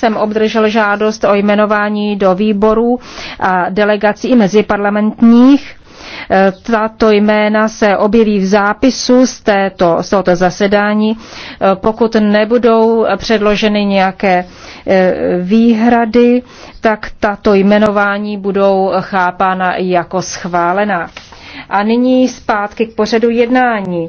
jsem obdržel žádost o jmenování do výborů a delegací i meziparlamentních. E, tato jména se objeví v zápisu z, této, z tohoto zasedání, e, pokud nebudou předloženy nějaké e, výhrady, tak tato jmenování budou chápána jako schválená. A nyní zpátky k pořadu jednání.